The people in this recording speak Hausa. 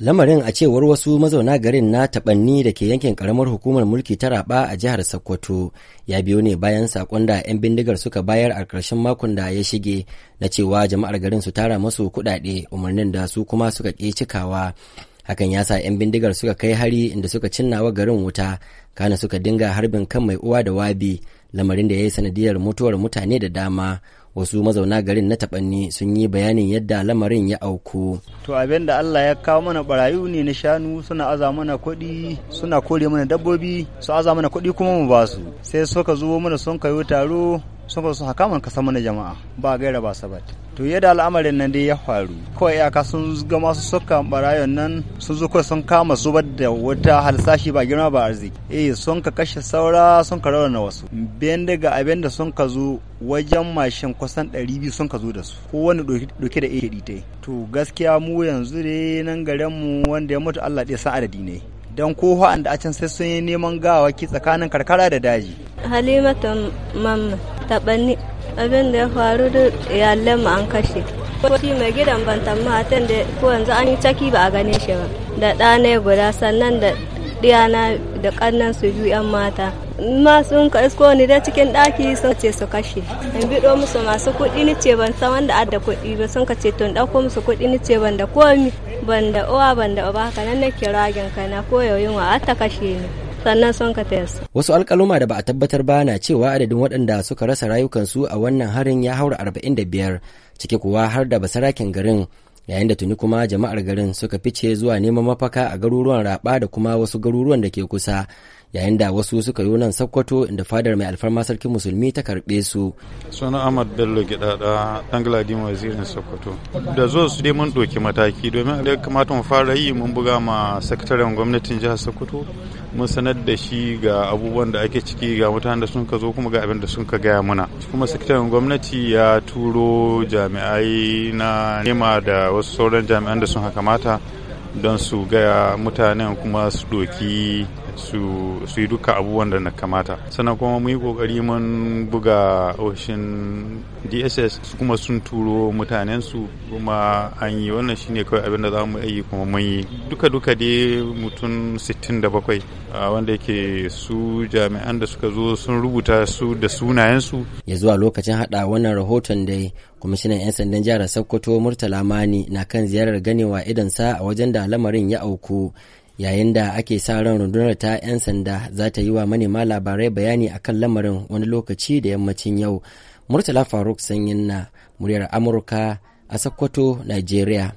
Lamarin a cewar wasu mazauna garin na taɓanni da ke yankin ƙaramar hukumar mulki ta raɓa a jihar Sokoto ya biyo ne bayan sakon da 'yan bindigar suka bayar a ƙarshen makon da ya shige na cewa jama'ar garin su tara masu kuɗaɗe umarnin da su kuma suka ƙi cikawa. Hakan ya sa 'yan bindigar suka kai hari inda suka cinnawa garin wuta kana suka dinga harbin kan mai uwa da wabi lamarin da ya yi sanadiyar mutuwar mutane da dama wasu mazauna garin na taɓanni sun yi bayanin yadda lamarin ya auku. To abin da Allah ya kawo mana barayu ne na shanu suna aza mana kuɗi suna kore mana dabbobi su aza mana kuɗi kuma mu ba su sai suka zo mana sun kayo taro saboda sun haka mun kasa mana jama'a ba gaira ba sabat to yadda al'amarin nan dai ya faru kawai iyaka sun ga masu suka barayon nan sun zo kawai sun kama zubar da wata halsashi ba girma ba arziki eh sun ka kashe saura sun ka na wasu bayan daga abin da sun ka zo wajen mashin kusan 200 sun ka zo da su kowane doke da iri ta to gaskiya mu yanzu dai nan garin mu wanda ya mutu Allah ɗaya san adadi ne don ko da a can sai sun yi neman gawaki tsakanin karkara da daji halimatu mamman taɓanni abin da ya faru da iyalan mu an kashe shi mai gidan bantan matan da ko yanzu an yi caki ba a gane shi ba da ɗanai guda sannan da ɗiyana da ƙannan su biyu 'yan mata ma sun ka isko ni da cikin ɗaki sun ce su kashe in biɗo musu masu kuɗi ni ce ban san wanda adda kuɗi ba sun ka ce tun ɗauko musu kuɗi ni ce ban da komi ban da uwa ban da uba haka nan nake ragin kana ko yau yunwa ta kashe ni sannan son ka su. Wasu alkaluma da ba a tabbatar ba na cewa adadin waɗanda suka rasa rayukansu a wannan harin ya haura arba'in da biyar ciki kuwa har da basarakin garin yayin da tuni kuma jama'ar garin suka fice zuwa neman mafaka a garuruwan raɓa da kuma wasu garuruwan da ke kusa yayin da wasu suka yi nan sakkwato inda fadar mai alfarma sarkin musulmi ta karɓe su suna ahmad bello gidada dan galadima wazirin sakkwato da zuwa su dai mun ɗauki mataki domin a kamata mu fara yi mun buga ma sakataren gwamnatin jihar sokoto mun sanar da shi ga abubuwan da ake ciki ga mutanen da sun ka zo kuma ga abin da sun ka gaya mana. kuma sakataren gwamnati ya turo jami'ai na nema da wasu sauran jami'an da sun kamata don su gaya mutanen kuma su doki su yi duka abubuwan da na kamata sannan kuma mu yi kokari mun buga oshin dss kuma sun turo mutanen su kuma an yi wannan shine kawai abin da za mu yi kuma mun yi duka duka dai mutum 67 wanda yake su jami'an da suka zo sun rubuta su da sunayensu ya zuwa lokacin hada wannan rahoton dai kwamishinan 'yan sandan jihar sokoto murtala mani na kan ziyarar ganewa idansa a wajen da lamarin ya auku yayin da ake sa ran rundunar ta 'yan sanda za ta yi wa manema labarai bayani a kan lamarin wani lokaci da yammacin yau murtala faruk sanyin na muryar amurka a sokoto nigeria